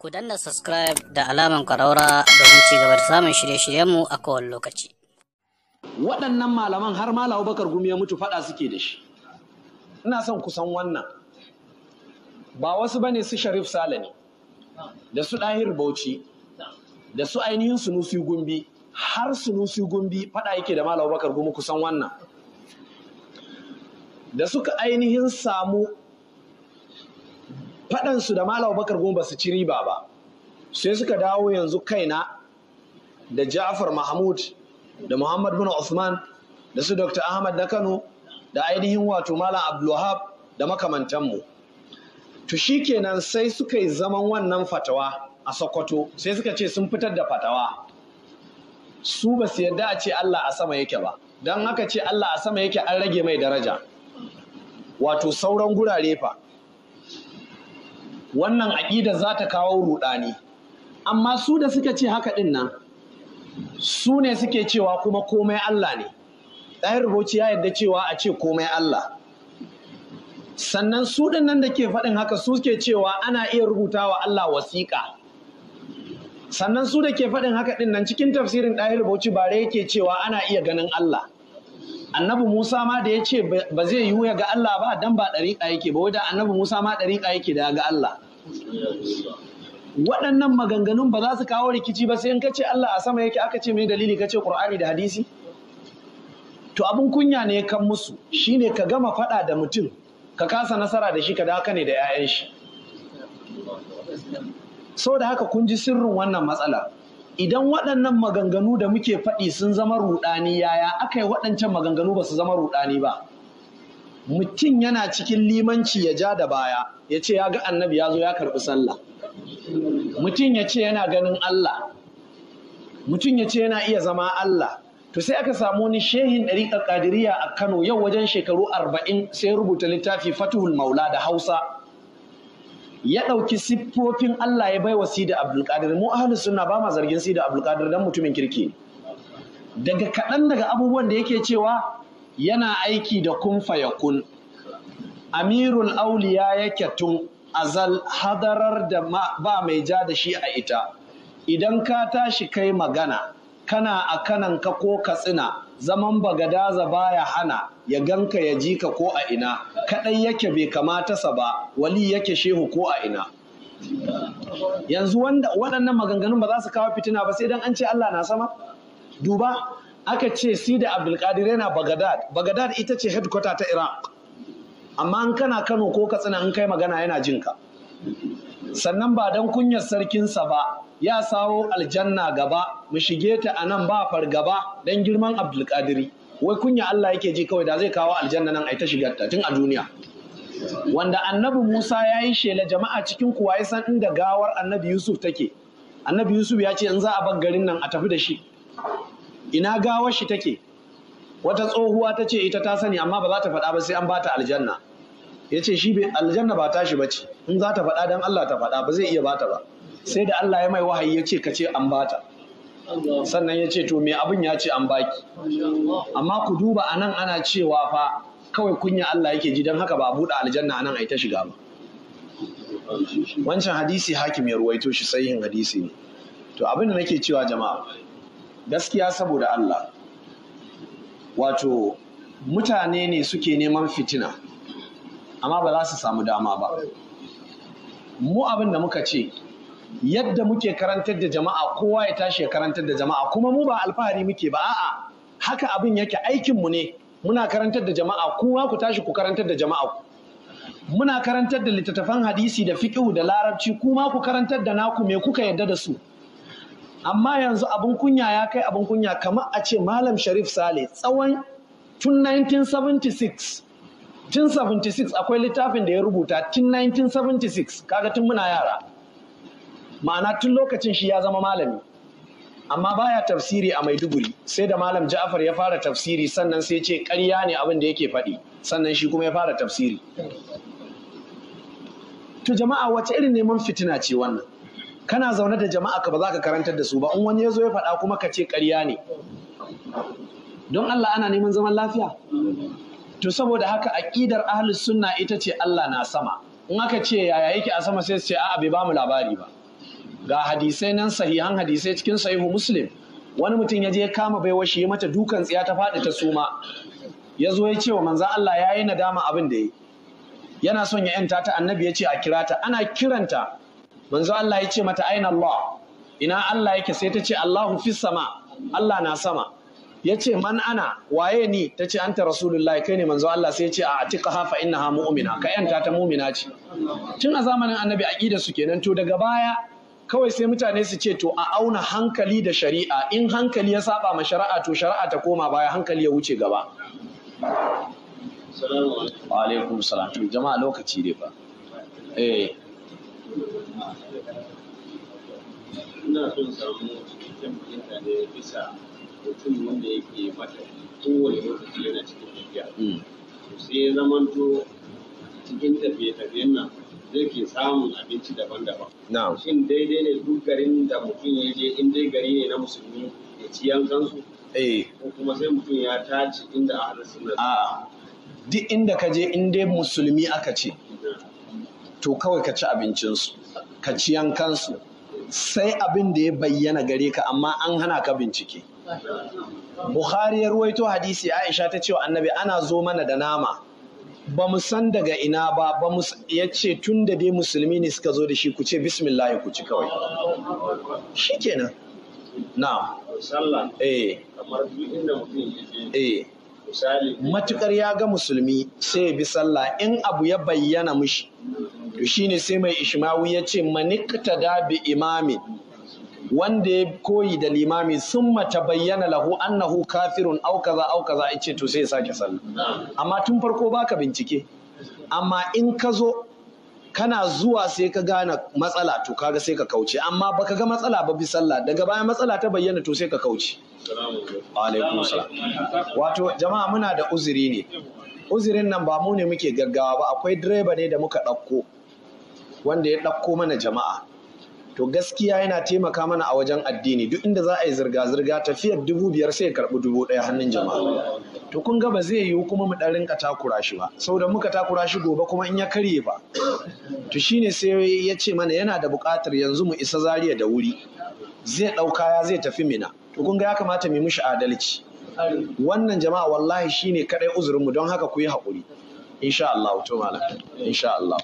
Ku danna subscribe da alaman karaura domin ci gaba da samun shirye-shiryenmu a kowane lokaci. Waɗannan malaman har ma Bakar Gumi ya mutu faɗa suke da shi. Ina son kusan wannan. Ba wasu ba ne su Sharif Salani, ne, da su Ɗahir Bauchi, da su ainihin Sunusi Gumbi, har Sunusi Gumbi faɗa yake da Malam Bakar Gumi kusan wannan. Da suka ainihin samu faɗansu da malam bakar goma ba su ci riba ba sai suka dawo yanzu kaina da ja'far mahmud da muhammad bin usman da su dr ahmad na kano da ainihin wato malam abdulwahab da makamantanmu to shi kenan sai suka yi zaman wannan fatawa a sokoto sai suka ce sun fitar da fatawa su ba su yarda a ce allah a sama yake ba don haka ce allah a sama yake an rage mai daraja wato sauran gurare fa wannan aƙidar za ta kawo ruɗani amma su da suka ce haka ɗin nan su ne suke cewa kuma komai Allah ne ɗayan rubuci ya yarda cewa a ce komai Allah sannan su ɗin nan da ke faɗin haka su ke cewa ana iya rubuta wa Allah wasiƙa sannan su da ke faɗin haka ɗin nan cikin tafsirin ɗayan rubuci bare yake cewa ana iya ganin Allah annabi Musa ma da ya ce ba zai yiwu ya ga Allah ba dan ba ɗariƙa yake ba wadda annabi Musa ma ɗariƙa yake da ga Allah waɗannan maganganun ba za su kawo rikici ba sai in kace Allah a sama yake aka ce mai dalili kace ƙur'ani da hadisi to abin kunya ne kan musu shi ne ka gama faɗa da mutum ka kasa nasara da shi ka daka ne da 'ya'yan shi Sau da haka kun ji sirrin wannan matsala idan waɗannan maganganu da muke faɗi sun zama ruɗani yaya aka yi waɗancan maganganu ba su zama ruɗani ba mutum yana cikin limanci ya ja da baya ya ce ya ga annabi ya zo ya karɓi sallah mutum ya ce yana ganin Allah mutum ya ce yana iya zama Allah to sai aka samu wani shehin ɗariƙar ƙadiriya a Kano yau wajen shekaru arba'in sai rubuta littafi Fatuhul Maula da Hausa ya ɗauki siffofin Allah ya bai wa Sidi Abdulkadir mu ahlus sunna ba ma zargin sida Abdulkadir dan mutumin kirki daga kaɗan daga abubuwan da yake cewa yana aiki da kun fayakun amirul auliya yake tun azal hadarar da ba mai ja da shi a ita idan ka tashi kai magana kana a kananka ko katsina zaman bagadaza baya hana ya ganka ya ji ka ko a ina kaɗai yake bai kamata sa ba wali yake shehu ko a ina yanzu wanda waɗannan maganganun ba za su kawo fitina ba sai dan an ce Allah na sama duba aka ce sida abdulkadir yana bagadad bagadad ita ce headquarter ta iraq amma in kana kano ko katsina in kai magana yana jinka sannan ba don kunyar sarkinsa ba ya sawo aljanna gaba mu shige ta a nan ba fargaba don girman abdulkadiri wai kunya Allah yake ji kawai da zai kawo aljanna nan a ta shigar ta tun a duniya wanda annabi Musa ya yi shela jama'a cikin kuwa ya san inda gawar annabi Yusuf take annabi Yusuf ya ce in za a bar garin nan a tafi da shi ina gawar shi take wata tsohuwa ta ce ita ta sani amma ba za ta faɗa ba sai an bata aljanna ya ce shi aljanna ba tashi ba ce in za ta faɗa don Allah ta faɗa ba zai iya bata ba sai da Allah ya mai wahayi ya ce ka ce an bata sannan ya ce to me abin ya ce an baki amma ku duba a nan ana cewa fa kawai kunya Allah yake ji don haka ba a buɗe aljanna a nan a yi ta shiga ba wancan hadisi hakim ya ruwaito shi sahihin hadisi ne to abin da nake cewa jama'a gaskiya saboda Allah wato mutane ne suke neman fitina amma ba za su samu dama ba mu abin da muka ce yadda muke karantar da jama'a kowa ya tashi ya karantar da jama'a kuma mu ba alfahari muke ba a'a haka abin yake aikin mu ne muna karantar da jama'a kowa ku tashi ku karantar da jama'a ku. muna karantar da littattafan hadisi da fiqhu da larabci kuma ku karantar da naku me kuka yadda da su amma yanzu abin kunya ya kai abin kunya kamar a ce malam sharif sale tsawon tun 1976 tun 76 akwai littafin da ya rubuta tun 1976 kaga tun muna yara ma'ana tun lokacin shi ya zama malami amma baya tafsiri a maiduguri sai da malam ja'afar ya fara tafsiri sannan sai ce karya ne abin da yake faɗi sannan shi kuma ya fara tafsiri to jama'a wace irin neman fitina ce wannan kana zaune da jama'a ka ba za ka karantar da su ba in wani ya zo ya faɗa kuma ka ce karya ne don Allah ana neman zaman lafiya to saboda haka aƙidar ahlus sunna ita ce Allah na sama in aka ce yaya yake a sama sai su ce a'a bai ba mu labari ba ga hadisai nan sahihan hadisai cikin sahihu muslim wani mutum ya je kama baiwa shi mata dukan tsiya ta faɗi ta suma ya zo ya ce wa manzan Allah ya yi nadama abin da ya yi yana son ya yanta ta annabi ya ce a kira ta ana kiranta manzan Allah ya ce mata aina Allah ina Allah yake sai ta ce Allahu fi sama Allah na sama ya ce man ana waye ni ta ce anta rasulullahi kai ne manzo Allah sai ya ce a atiqa hafa ha mu'mina ka yanta ta mu'mina ce tun a zamanin annabi aqida su kenan to daga baya kawai sai mutane su ce to a auna hankali da shari'a in hankali ya saba ma shari'a to shari'a ta koma baya hankali ya wuce gaba wa alaikum salam jama'a lokaci dai ba eh ina son samu cikin mutane bisa mutum wanda yake matafi kowane lokaci yana cikin tafiya mm. to sai zaman zamanto cikin tafiye-tafiyen nan zai ke samun abinci daban-daban shin daidai ne duk garin da mutum ya je in dai gari ne na musulmi ya ci yankansu eh. ko kuma sai mutum ya tace inda a halittun a duk inda ka je in dai musulmi aka ce to kawai ka ci abincinsu ka ci yankansu sai abin da ya bayyana gare ka amma an hana ka bincike. bukhari ya ruwaito hadisi aisha ta cewa annabi ana zo mana da nama ba mu san daga ina ba ba mu ya ce tun da dai musulmi ne suka zo da shi ku ce bismillah ku ci kawai shikenan na sallah eh kamar eh matukar ya ga musulmi sai bi sallah in abu ya bayyana mushi to shine sai mai ishmawi yace ce manikta da bi imamin wanda ya koyi da limami sun mata bayyana lahu annahu kafirun au kaza au kaza a ce to sai ya sake sallah amma tun farko baka bincike amma in ka zo kana zuwa sai ka gane matsala to kaga sai ka kauce amma baka ga matsala ba bi sallah daga baya matsala ta bayyana to sai ka kauce wato jama'a muna da uzuri ne uzurin nan ba mu ne muke gaggawa ba akwai direba ne da muka ɗauko wanda ya ɗauko mana jama'a to gaskiya yana taimaka mana a wajen addini duk inda za a yi zirga-zirga tafiyar dubu biyar sai ya karɓi dubu ɗaya hannun jama'a to kun ga ba zai yiwu kuma mu ɗan rinka takura shi ba saboda muka takura shi gobe kuma in ya karye ba to shine sai ya ce mana yana da buƙatar yanzu mu isa zariya da wuri zai ɗau kaya zai tafi mina to kun ga ya kamata mu mishi adalci wannan jama'a wallahi shine kaɗai uzurinmu don haka ku yi haƙuri insha Allah to malam insha Allah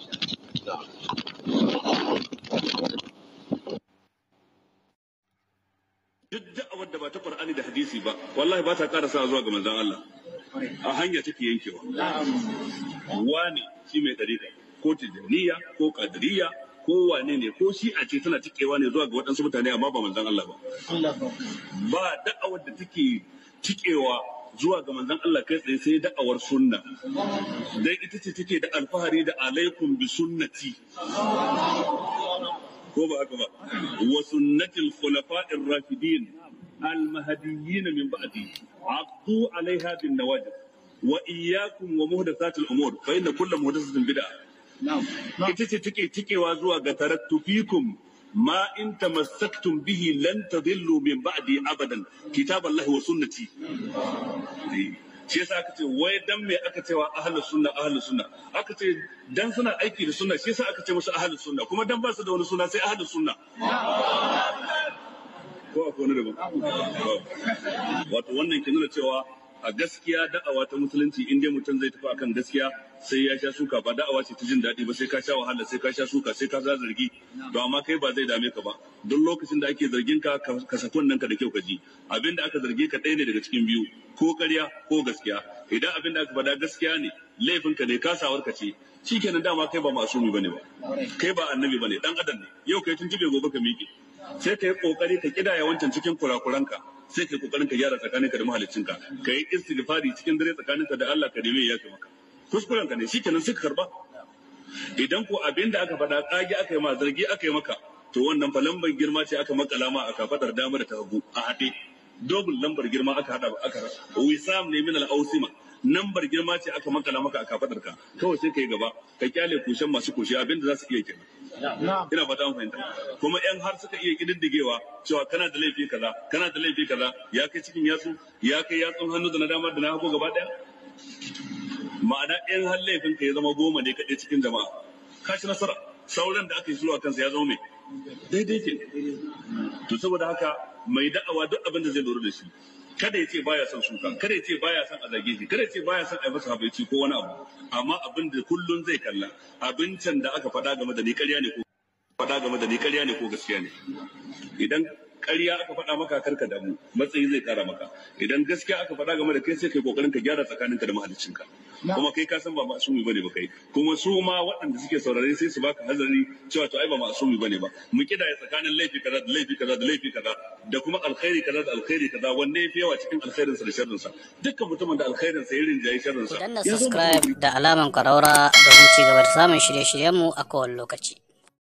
da hadisi ba wallahi ba ta ƙara sa zuwa ga manzon Allah a hanya take yankewa wani shi mai dariƙa ko tijaniya ko kadiriya ko wane ne ko shi a ce tana tikewa ne zuwa ga waɗansu mutane amma ba manzon Allah ba ba da'awar da take tikewa zuwa ga manzon Allah kai tsaye sai da'awar sunna dai ita ce take da alfahari da alaikum bi sunnati ko ba haka ba wa sunnatil khulafa'ir rashidin المهديين من بعدي عضوا عليها بالنواجذ وإياكم ومهدثات الأمور فإن كل مهدثة بدعة نعم ita ce take tikewa zuwa ga tarattu fikum ma in bihi lan tadillu min ba'di abadan kitaballahi wa sunnati shi aka ce wai dan me aka cewa ahlus sunna ahlus sunna aka ce dan suna aiki da sunna shi aka ce musu ahlus sunna kuma dan ba su da wani suna sai ahlus sunna ko akwai wani daban wato wannan ke nuna cewa a gaskiya da'awa ta musulunci in dai mutum zai tafi akan gaskiya sai ya sha suka ba da'awa ce ta jin daɗi ba sai ka sha wahala sai ka sha suka sai ka sha zargi to amma kai ba zai dame ka ba don lokacin da ake zargin ka ka sakon nan ka da kyau ka ji abin da aka zarge ka ɗaya ne daga cikin biyu ko ƙarya ko gaskiya idan abin da aka faɗa gaskiya ne laifin ka ne kasawar ka ce shikenan dama kai ba masumi bane ba kai ba annabi bane dan adam ne yau kai tun jibe gobe ka miƙe sai ka yi kokari ka kidaya wancan cikin kurakuranka sai ka yi kokarin ka gyara tsakaninka da mahaliccinka ka yi istighfari cikin dare tsakaninka da Allah ka dame ya ka maka ka ne shikenan sai ka karba idan ko abin da aka faɗa kage aka yi ma zargi aka yi maka to wannan fa lambar girma ce aka makala ma aka fadar dama da ta hagu a haɗe double lambar girma aka hada aka rasa wisam ne min al-ausima lambar girma ce aka makala maka a fadar ka kawai sai ka yi gaba ka kyale kushen masu kushe abin da za su iya kenan ina fata fahimta kuma yan har suka iya kididdigewa cewa kana da laifi kaza kana da laifi kaza ya kai cikin yatsu ya kai yatsun hannu da na dama da na hago gaba ɗaya. ma'ana yan har laifin ka ya zama goma ne kaɗai cikin jama'a ka ci nasara sauran da aka yi zuwa kansa ya zama mai daidai ke to saboda haka mai da'awa duk abin da zai lura da shi kada ya ce baya son suka kada ya ce baya son a zage shi kada ya ce baya son a masa habaici ko wani abu amma abin da kullun zai kalla abincin da aka faɗa game da ni ƙarya ne ko faɗa ne ko gaskiya ne idan ƙarya aka faɗa maka kar ka damu matsayi zai ƙara maka idan gaskiya aka faɗa game da kai sai kai kokarin ka gyara tsakaninka da mahaliccinka kuma kai ka san ba ma'asumi bane ba kai kuma su ma waɗanda suke saurare sai su baka hazari cewa to ai ba ma'asumi bane ba mu kidaya tsakanin laifi kaza da laifi kaza da laifi kaza da kuma alkhairi kaza da alkhairi kaza wanne yafi yawa cikin alkhairinsa da sharrinsa dukkan mutumin da alkhairinsa ya rinjaye sharrinsa ku danna subscribe da alaman karaura domin ci gaba da samun shirye mu a kowane lokaci